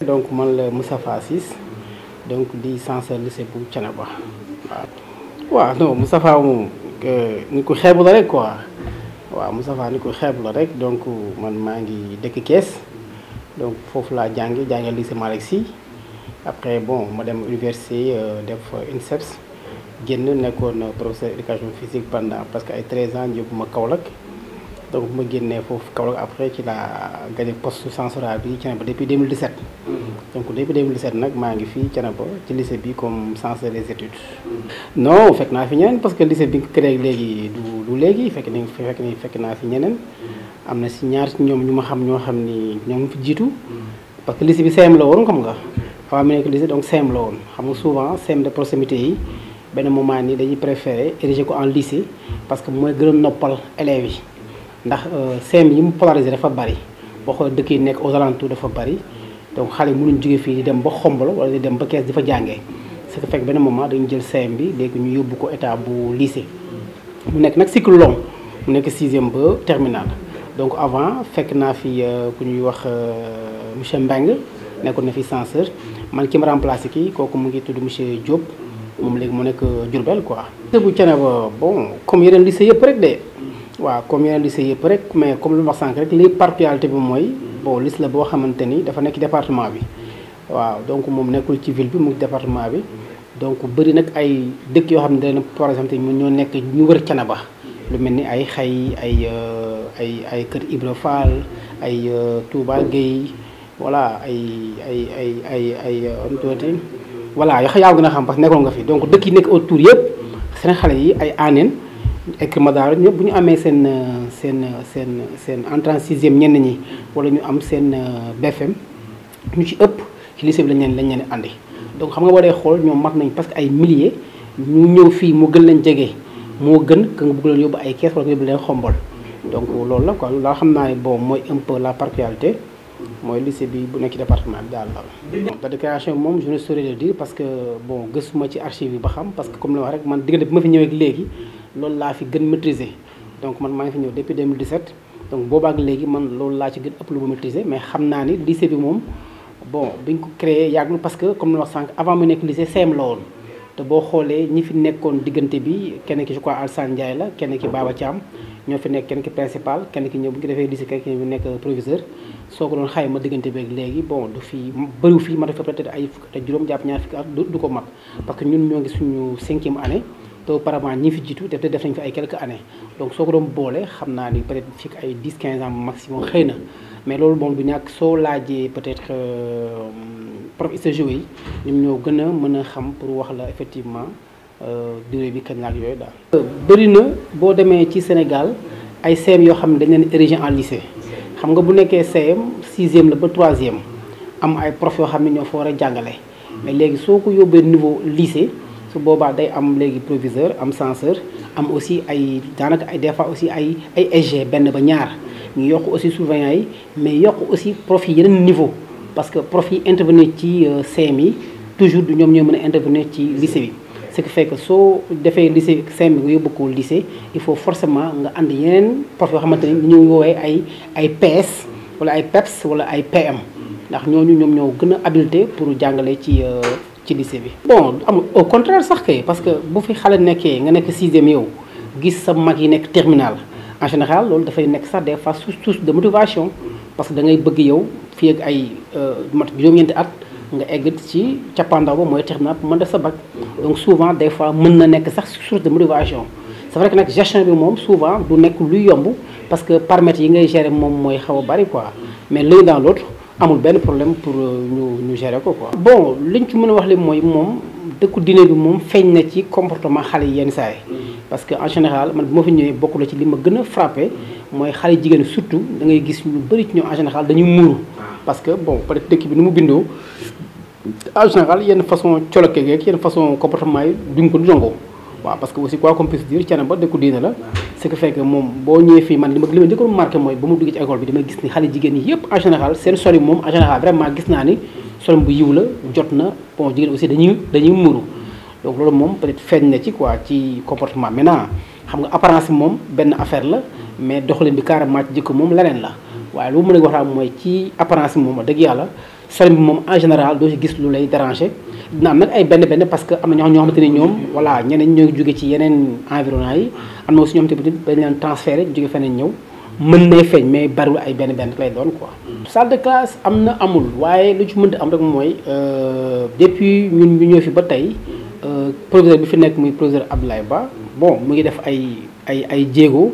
donc man la Moustapha Ciss donc di censeur lycée bu Thiénaba waaw. waaw non Moustapha moom euh, ni ko xeebu la rek quoi waaw Moustapha ni ko xeebu la rek donc man maa ngi dëkk Kees donc foofu laa jànge jànge lycée Malick Sy après bon ma dem université euh, def INSEPS génn nekkoon professeur éducation physique pendant parce que ay 13 ans yóbbu ma Kaolack. donc bu ma génnee foofu Kaolack après ci laa gagné poste censorat bi Thiénaba depuis 2017. Mm-hmm. donc depuis 2017 nag maa ngi fii Thiénaba ci lycée bi comme censeur des études. Mm-hmm. non naa fi ñeneen parce que lycée bi nga créé du du fekk nañ fekk fekk naa fi ñeneen. Mm-hmm. am na si ñaar ñoom ñu ma xam ñoo xam ni ñoom fi jiitu. parce que lycée bi CM la woon xam nga. waaw mu nekk lycée donc CM la woon xam nga souvent CM de proximité yi. benn moment nii dañuy préféré érigé ko en lycée parce que mooy gën noppal élèves yi. ndax CM euh, yi mu polarisé dafa bari boo xoolee dëkkee nekk aux alentours dafa bari donc xale yi mënuñ jóge fii di dem ba xombalo wala di dem ba kees di fa jàngee ce qui fait benn moment dañu jël CM bi léegi ñu yóbbu ko état bu lycée mu nekk nag cycle long mu nekk sixième ba terminale donc avant fekk naa fi euh, ku ñuy wax euh, monsieur Mbengue nekkoon na fi censeur man ki ma ki kooku mu ngi tudd monsieur Diop moom léegi mu nekk Diourbel quoi. lycée bu Thiénaba bon comme yeneen lycée yëpp waaw comme yeneen lycée yëpp rek mais comme lu ma wax rek li particularité bi mooy boo lis la boo xamante ni dafa nekk département bi waaw donc moom nekkul ci ville bi mu département bi donc bëri nag ay dëkk yoo xam ne dañu par exemple ñun ñoo nekk ñu wër Thiénaba lu mel ni ay xay ay euh, ay ay kër Ibra Fall ay euh, Touba Gueye voilà ay ay ay ay ay am euh, tuuti voilà yoo xam yaa gën a xam parce nekkoon nga fi donc dëkk yi nekk autour yëpp seen xale yi ay aaneen ek Madaar ñëpp bu ñu amee seen seen seen seen entrée en sixième ñenn ñi wala ñu am seen euh, BFM ñu ci ëpp ci lycée bi lañ leen lañ leen andi. donc xam nga waree xool ñoom mag nañ parce que ay milliers ñu ñëw fii mu gën leen jege moo gën que nga bëgg leen yóbbu ay kees wala nga yóbbu leen xombol donc loolu la quoi laa xam naa ne bon mooy un peu la particularité mooy lycée bi bu nekk ci département bi bi moom je ne saurais le parce que bon gëstuma ci archive yi ba xam parce que comme la wax rek man diggante bi ma fi ñëwee léegi. loolu laa fi gën maîtriser donc man maa ngi fi ñëw depuis 2017 donc boobaak léegi man loolu laa ci gën ëpp lu ma maîtriser mais xam naa ni lycée bi moom bon biñ ko créé yàggul parce que comme la wax sànq avant mu nekk lycée CEM la woon te boo xoolee ñi fi nekkoon diggante bi kenn ki je crois Alsane Ndiaye la kenn ki Baba Thiam ñoo fi nekk kenn ki principal kenn ki ñëw bu ñu defee lycée kenn ki nekk proviseur soo ko doon xayma diggante beeg léegi bon du fi bëriw fii ma dafa peut-être ay fukk te juróom ñaar fukki at du ko mat parce que ñun ñoo ngi suñu cinquième année te auparavant ñi fi jiitu def def nañ fi ay quelques années donc soo ko doon boole xam naa ni peut-être fii ay 10 15 ans maximum xëy na mais loolu bu du ñàkk soo laajee peut-être euh, prof ICGO yi ñoom ñoo gën a mën a xam pour wax la effectivement euh, durée bi kañ la ak yooyu daal. bëri na boo demee ci Sénégal ay CM yoo xam ne dañ leen érigé en lycée xam nga bu nekkee CM sixième la ba troisième am ay prof yoo xam ne ñoo fa war a jàngale mais léegi soo ko yóbbee niveau lycée. su boobaa day am léegi proviseur am censeur am aussi ay daanaka ay des fois aussi ay ay SG benn ba ñaar ñu yokk aussi surveillant yi mais yokk aussi prof yeneen niveau parce que prof yi intervenir ci euh, CM yi toujours du ñoom ñoo mën a intervenir ci lycée bi ce qui fait que soo defee lycée CM bi yóbbu ko lycée il faut forcément nga ànd yeneen prof yoo xamante ni ñu woowee ay ay PS wala ay PEPS wala ay PM ndax ñooñu ñoom ñoo gën a habilité pour jàngale ci euh, ci lycée bi. bon amul au contraire sax kay parce que bu fi xale nekkee nga nekk sixième yow gis sa mag yi nekk terminal en général loolu dafay nekk sax des fois source de motivation parce que da ngay bëgg yow fii ak ay euh, mat juróom-ñeenti at. nga egg ci ba mooy terminal pour mën def sa na nekk sax source de motivation c'est vrai que nag gestion bi moom souvent du nekk luy yomb parce que paramètres yi ngay gérer moom mooy xaw a bari quoi mais l'un dans l'autre amul benn problème pour euh, ñu ñu ko ko quoi. bon liñ ci mën a wax li mooy moom dëkku dine bi moom feeñ na ci comportement xale yi yenn saa mm-hmm. parce que en général man bu ma fi ñëwee bokk na ci li ma gën a frappé mm-hmm. mooy xale jigéen surtout da ngay gis ñu bëri ci ñëw en général dañuy muuru. Ah. parce que bon peut être dëkk bi nu mu bindoo en général yenn façon colloque yeeg yenn façon comportement yi duñ ko du dongoo. waaw parce que aussi quoi qu'on puisse dire Thiénaba dëkku diine la ce qui fait que bi damay gis ni xale jigéen ñi en général seen sori moom en général vraiment gis naa ni sori bu yiw la moom peut-être feeñ na ci quoi ci comportement maintenant nga apparence bi moom benn affaire la mais doxalin bi carrément ci jikko moom leneen la waaye lu mu mën a wax daal mooy ci apparence moom a dëgg yàlla sori bi moom en général doo ci gis lu lay déranger dina am nag ay benn benn parce que am na ñoo xamante ni ñoom voilà ñeneen ñoo jóge ci yeneen environnement yi am na aussi ñoom tamit dañ leen transféré jóge feneen ñëw mën nay feeñ mais bariwul ay benn benn lay doon ko salle de classe am na amul waaye lu ci mënta am rek mooy euh, depuis ñun ñu ñëw fi ba tey euh, proviseur bi fi nekk muy proviseur Abdoulaye Ba bon mu ngi def ay ay ay jéego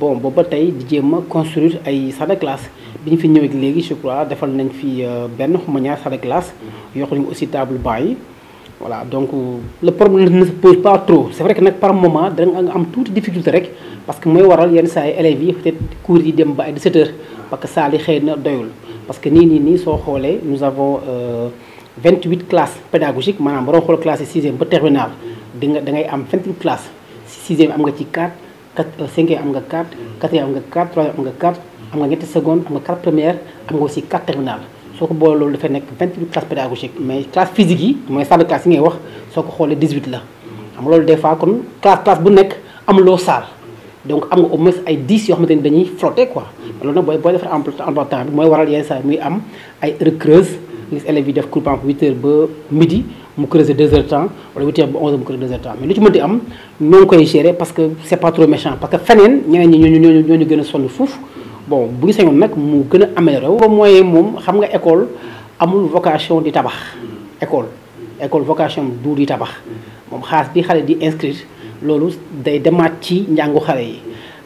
bon boobu tey di jéem a construire ay salle de classe. bi ñu fi ñëwee léegi je crois defal nañ fi euh, benn xuma ñaar salle de classe yokk nañu aussi table banc yi voilà donc le problème ne se pas trop c'est vrai nag par moment da am tuuti difficulté rek parce que mooy waral yenn saa yi élèves yi peut dem ba ay 17 que salle xëy na doyul parce que nii nii nii soo xoolee nous avons 28 euh, classes pédagogiques maanaam boo xool classe yi sixième ba terminale di nga da ngay am 28 classes sixième am nga ci 4 4 euh, am nga 4 mhm. quatrième am nga 4 troisième am nga 4 am nga ñetti seconde am nga quatre première am nga aussi quatre terminale soo ko boole loolu dafay nekk vingt-huit classes pédagogiques mais classe physique yi mooy salle de classe yi ngay wax soo ko xoolee dix-huit la xam nga kon classe classe bu nekk am loo salle donc am nga au moins loolu nag booy booy defar emploi mooy waral yenn saa muy am ay heures creuses gis élèves yi def cours par exemple 8 temps wala 8 ba 11 mu creuser 2 heures temps mais lu ñoo ngi a sonn foofu bon bu ñu sañoon nag mu gën a amee amélioré wu. mooy moom xam nga école amul vocation di tabax école école vocation du di tabax moom xaas bi xale di inscrire loolu day demaat ci njàngu xale yi.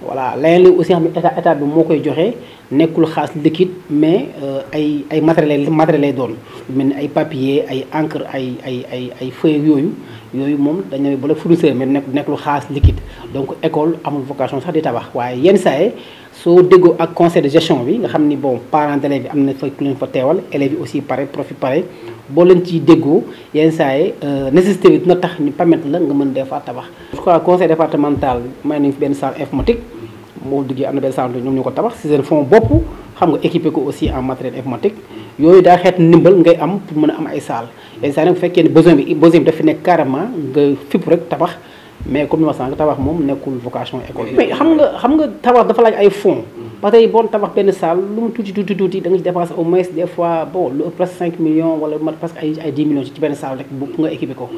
voilà leneen li aussi xam ne état état bi moo koy joxee nekkul xaas liquide mais euh, ay ay matériel matériel lay doon lu mel ni ay papier ay encre ay ay ay ay feuille yooyu yooyu moom dañ ne ba la fournisseur mais nekkul xaas liquide donc école amul vocation sax di tabax waaye yenn saa soo déggoo ak conseil de gestion bi nga xam ni bon parents d'élèves bi am na fa ku leen fa teewal élèves yi aussi pare profit pare boo leen ciy déggoo yenn saa yi euh, nécessité bi dina tax ñu permettre la nga mën des fois tabax. je crois conseil départemental may nañu fi benn salle informatique moo duggee am na benn salle ñoom ñu ko tabax si seen fond bopp xam nga équipé ko aussi en matériel informatique yooyu daa xeet ndimbal ngay am pour mën a am ay salle yenn fekkee ne besoin bi dafa nekk carrément nga fipp rek tabax. mais comme ni ma tabax moom nekkul vocation école. mais xam nga xam nga tabax dafa laaj ay fonds. ba tey bon tabax benn salle lu mu tuuti tuuti tuuti da nga ci dépenser au moins des fois bon lu ëpp presque 5 millions wala lu mat presque ay ay 10 millions ci benn salle rek bu nga équipé ko.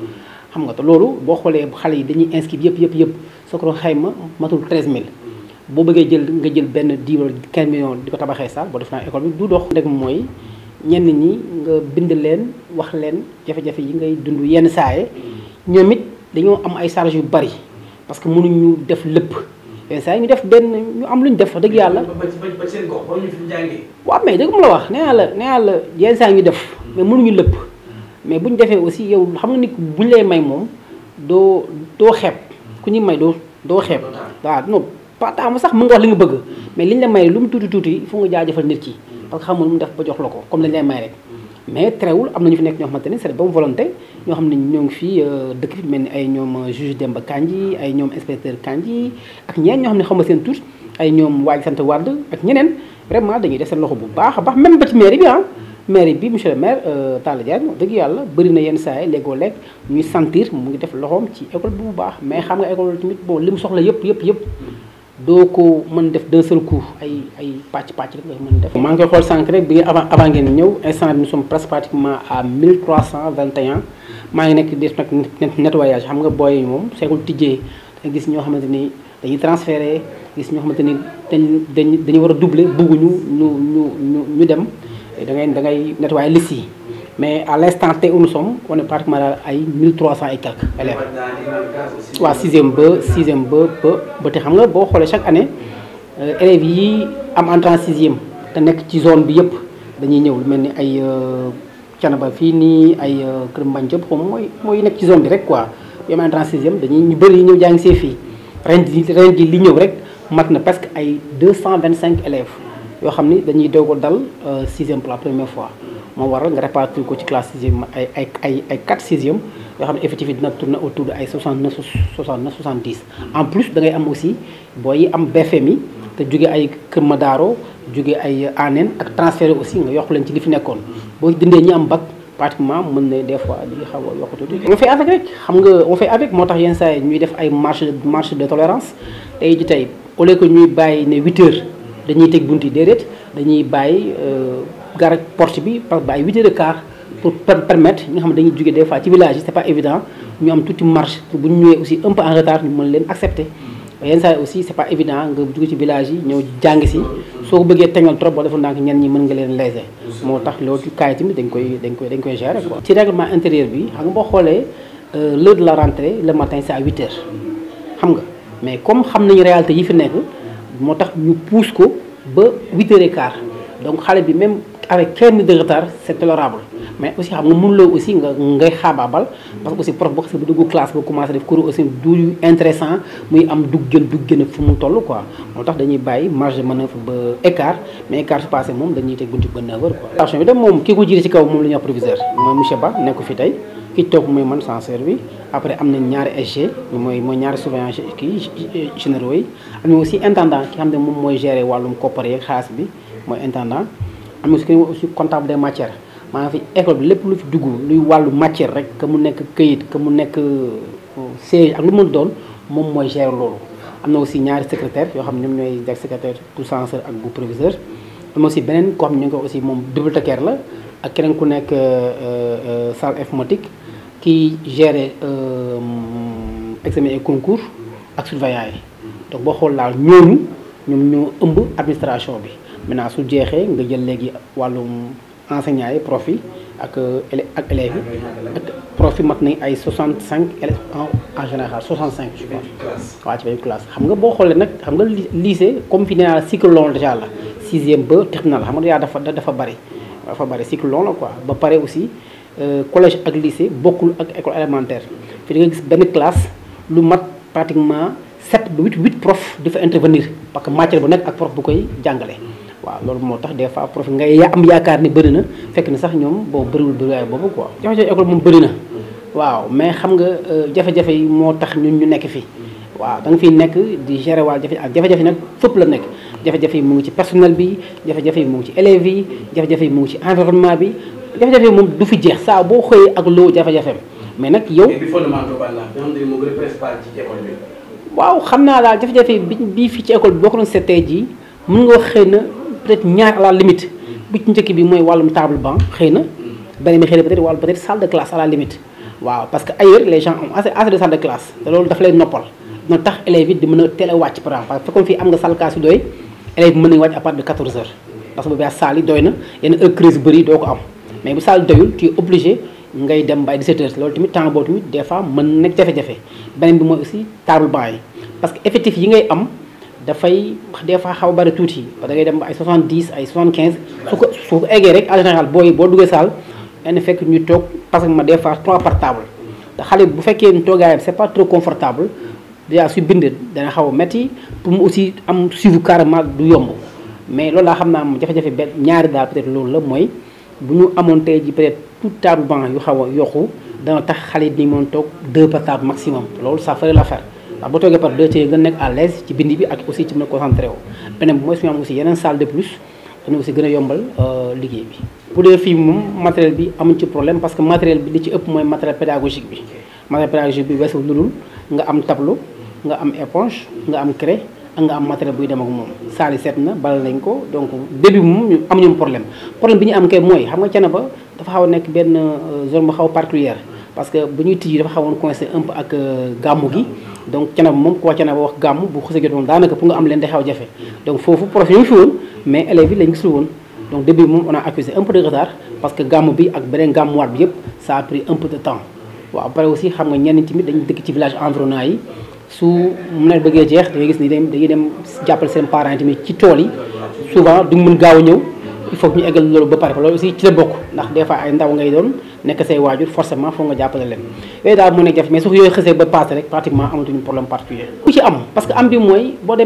xam nga te loolu boo xoolee xale yi dañuy inscrit yëpp yëpp yëpp soo ko xayma matul 13000. boo bëggee jël nga jël benn 10 wala 15 millions di ko tabaxee salle boo def naa école bi du dox. rek mooy ñenn ñi nga bind leen wax leen jafe yi ngay dund yenn saaye ñoom dañoo am ay charges yu bari parce que mënuñu def lépp. yenn ñu def benn ñu am lu ñu def wax dëgg yàlla. ba ba seen gox dëgg mu la wax nee naa la nee la yenn saa ñu def. mais mënuñu lëpp mais bu ñu defee aussi yow xam nga ni bu ñu lay may moom doo doo xeeb ku ñu may doo doo xeeb. waaw non pas taamu sax mën nga wax li nga bëgg mais li ñu la may lu mu tuuti tuuti il faut nga jaajëfal nit ki. parce que xamul mu def ba jox la ko comme lañ lay may rek. mais terewul am na ñu fi nekk ñoo xamante ne c'est bonne volonté ñoo xam ne ñoo ngi fii euh, dëkk bi mel ni ay ñoom euh, juge Demba Kandji ay ñoom inspecteur Kandji ak ñeen ñoo xam ne xaw ma seen tur ay ñoom waaj sant Wade ak ñeneen vraiment dañuy def seen loxo bu baax a baax même ba ci mairie bi ah mairie bi monsieur le maire euh, Talla Diagne wax dëgg yàlla bëri na yenn saa yi léegoo lekk ñuy sentir mu ngi def loxoom ci école bi bu baax mais xam nga école tamit bon li mu soxla yëpp yëpp yëpp doo ko mën def d'un seul coup ay ay pàcc pàcc rek nga mën def. maa ngi koy xool sànq rek bi avant avant ngeen ñëw instant bi nous sommes presque pratiquement à 1321 maa ngi nekk def nag nettoyage xam nga booy yi moom seegul tijjee da gis ñoo xamante ni dañuy transféré gis ñoo xamante ni dañ dañu war a doubler bugguñu ñu ñu ñu ñu dem da ngay da ngay nettoyé liste yi. mais à l'instant T où nous sommes on est pratiquement ay 1300 et quelques élèves. waaw sixième ba sixième ba ba ba xam nga boo xoolee chaque année euh, élèves yi am entrée sixième te nekk ci zone bi yëpp dañuy ñëw lu mel ni ay Canaba euh, fii nii ay euh, Kër Mbañ Diop xaw ma mooy mooy nekk ci zone bi rek quoi bi am entrée sixième dañuy ñu bëri ñëw jàng see fii ren jii ren li ñëw rek mat na presque ay deux cent vingt cinq élèves. yoo xam ni dañuy doog dal euh, sixième pour la première fois moo waral nga répartir ko ci classe sixième ay ay ay ay quatre sixième yoo xam ne effectif yi dina tourner autour de ay 69 69 70 en plus da ngay am aussi booy am BFM yi te jóge ay Kër Madaro jóge ay ANEN ak transféré aussi nga yokk leen ci li fi nekkoon boo dindee ñi am bac pratiquement mën na des fois di xaw a yokk tuuti xam nga on fait avec moo tax yenn saa ñuy def ay marche marche de tey ji tey ñuy bàyyi ne 8 heures dañuy tëj bunt yi déedéet dañuy bàyyi euh, garage porte bi par bàyyi huit heures et quart pour permettre ñi nga xam ne dañuy jóge des fois ci village yi c'est pas évident ñu am tuuti marche pour bu ñu ñëwee aussi un peu en retard ñu mën leen accepter yenn saa yi aussi c'est pas évident nga jóge ci village yi ñëw jàng si soo ko bëggee teñoon trop boo defoon ndànk ñenn ñi mën nga leen léser moo tax loolu ci kaay tamit dañ koy dañ koy dañ koy gérer quoi ci règlement intérieur bi xam nga boo xoolee euh, l'heure de la rentrée le matin c'est xam nga mais comme xam nañu réalité yi fi nekk moo tax ñu pousse ko ba huit heures et quart donc xale bi même avec quinze minutes de retard c' est mais aussi xam nga mënuloo aussi nga ngay xaabaabal parce que aussi prof boo xasee ba dugg classe ba commencé def cours aussi du intéressant muy am dug gën dug gën fu mu toll quoi moo tax dañuy bàyyi marge de manœuvre ba écart mais écart su moom dañuy teg buntu ba 9h moom kii ko jiite ci kaw moom la ñuy wax proviseur Ba nekk fi tey. ki toog mooy man censeur bi après am nañ ñaari SG mooy mooy ñaari surveillant kii généraux yi am na aussi intendant ki xam ne moom mooy gérer wàllum koppar yeeg xaalis bi mooy intendant am na aussi aussi comptable des matières maanaam fi école bi lu fi dugg luy wàllu rek mu nekk këyit que mu nekk euh, siège ak lu mën doon moom mooy gérer loolu na aussi ñaari secrétaire yoo xam ne ñoom ñooy def secrétaire bu censeur ak bu proviseur am na aussi beneen koo xam ne ñu ngi ko aussi moom bibliothécaire la ak keneen ku nekk euh, euh, salle informatique qui gérait euh, examen et concours ak surveillant yi donc boo xool laal ñooñu ñoom ñoo ëmb administration bi maintenant su jeexee nga jël léegi wàllum enseignants yi prof yi ak ak ak prof yi mat nañ ay 65 élèves en général 65 je crois waaw ci benn classe xam nga boo xoolee nag xam nga lycée comme fi nee naa cycle long déjà la sixième ba terminal xam nga dafa dafa bari dafa bëri cycle long la quoi ba pare aussi euh, collège ak lycée bokkul ak école élémentaire fi di nga gis benn classe lu mat pratiquement sept ba huit huit prof di fa intervenir parce que matière bu nekk ak prof bu koy jàngale waaw loolu moo tax des fois prof nga ya am yaakaar ni bëri na fekk na sax ñoom boo bëriwul bëriwaay boobu quoi jafe-jafe école moom bëri na waaw mais xam nga euh, jafe-jafe yi moo tax ñun ñu nekk fii waaw da nga fiy nekk di gérer waal jafe ak jafe nag fépp la nekk jafe-jafe yi mu ngi ci personnel bi jafe-jafe yi ci élèves yi jafe-jafe yi mu ngi ci environnement bi jafe-jafe yi moom du fi jeex saa boo xëyee ak loo jafe mais nag yow. mais bi fondement xam ne naa daal jafe-jafe bi bii fii ci école bi boo ko doon seet tey jii mun nga wax xëy na peut-être ñaar à la bu ci njëkk bi mooy wàllum table banc xëy na beneen bi xëy na peut-être wàllu peut-être salle de classe à la limite waaw parce que ailleurs les gens ont assez assez de classe te loolu daf lay noppal dina tax élèves yi di a teel a wàcc par exemple fekkoon fii am nga salle classe yu doy élèves mën nañu wàcc à partir de 14 heures parce que bu baax saal yi doy na yenn heure crise bëri doo ko am mais bu saal doyul tu es ngay dem ba ay 17 heures loolu tamit temps boobu des fois mën na nekk jafe-jafe beneen bi mooy yi parce que effectif yi ngay am dafay des fois xaw a bëri tuuti parce que da ngay dem ba ay 70 ay 75 su ko su ko eggee rek en booy boo duggee saal en fekk ñu toog parce que ma des fois 3 par table te xale bu fekkee toogaayam c'est pas trop confortable déjà su bind dana xaw a pour mu aussi am suivi carrément du yomb mais loolu laa xam naa moom jafe-jafe benn ñaari daal peut loolu la mooy bu ñu amoon tey ji peut tout table banc yu a yokku dana tax xale yi moon toog deux par table maximum loolu ça ferait l'affaire ndax boo toogee par deux ci nga nekk à l'aise bind bi a concentré wu beneen bi mooy suñu am aussi yeneen salle de plus dañu aussi gën a yombal euh, liggéey bi bu dee fii moom matériel bi amuñ ci problème parce que matériel bi li ci ëpp mooy matériel pédagogique bi matériel pédagogique bi weesu lu dul nga am tableau nga am éponge nga am craie ak nga am matériel buy dem ak moom saali seet na bal nañ ko donc début moom ñu am ñun problème problème bi ñu am kay mooy xam nga ba dafa xaw a nekk benn euh, zone bu xaw particulière parce que bu ñuy tijji dafa xawoon coincé un peu ak euh, gàmmu gi donc Thiénaba moom ku wax Thiénaba wax gàmmu bu xësee jot moom daanaka pour nga am leen de xaw a jafe donc foofu prof yi ñu fi woon mais élèves yi lañ gisul woon donc début moom on a accusé un de retard parce que gàmmu bi ak beneen gàmmuwaat bi yëpp ça a pris un peu de xam nga ñenn tamit dañu dëkk ci village environnant yi su nawet bëggee jeex da ngay gis ni dañuy dem jàppale seen parents tamit ci tool yi souvent duñ mën gaaw a ñëw il faut ñu eggal loolu ba pare loolu aussi bokk ndax des fois ay ndaw ngay jàppale leen yooyu daal mu nekk jafe mais su yooyu xësee ba passé rek pratiquement amatuñu problème particulier ku ci am parce que am mooy xam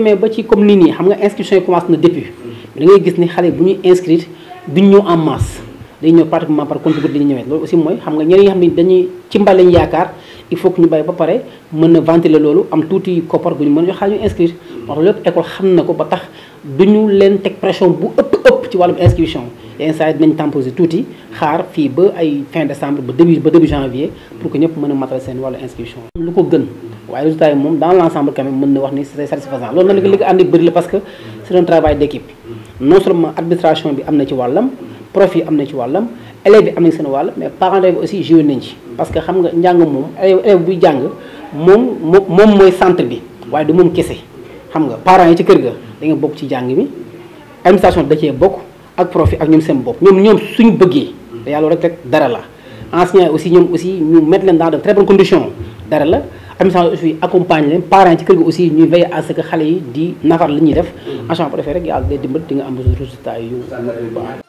nga ñëw ñëwee loolu aussi mooy xam nga ñeneen dañuy ci mbal yaakaar il faut que ñu bàyyi ba pare mën a ventiler loolu am tuuti koppar gu ñu mën a jox xaalis ñu inscrire. wax lépp école xam na ko ba tax du ñu leen teg pression bu ëpp ëpp ci wàllum inscription. yenn saa yi dinañ tempose tuuti xaar fii ba ay fin décembre ba début ba début janvier pour que ñëpp mën ko gën waaye moom dans l' ensemble mën na wax ni c'est satisfaisant loolu nag li ko àndi bëri la parce que c' un travail d' non seulement administration bi am na ci wàllam prof am na ci wàllam. élève bi am nañ seen wàll mais parents d'élèves aussi joué nañ ci parce que xam nga njàng moom élève buy jàng moom moom mooy sant bi waaye du moom kese xam nga parent yi ci kër ga da bokk ci jàng mi administration da cee bokk ak profit ak ñoom seen bopp ñoom ñoom suñu bëggee te yàlla rek rek dara la enseignants aussi ñoom aussi ñu mettre leen dans de très bonnes conditions dara la administration aussi accompagne leen parents yi ci kër ga aussi ñuy veiller à ce que xale yi di nafar li ñuy def mm. en préféré rek yàlla day nga am résultat yu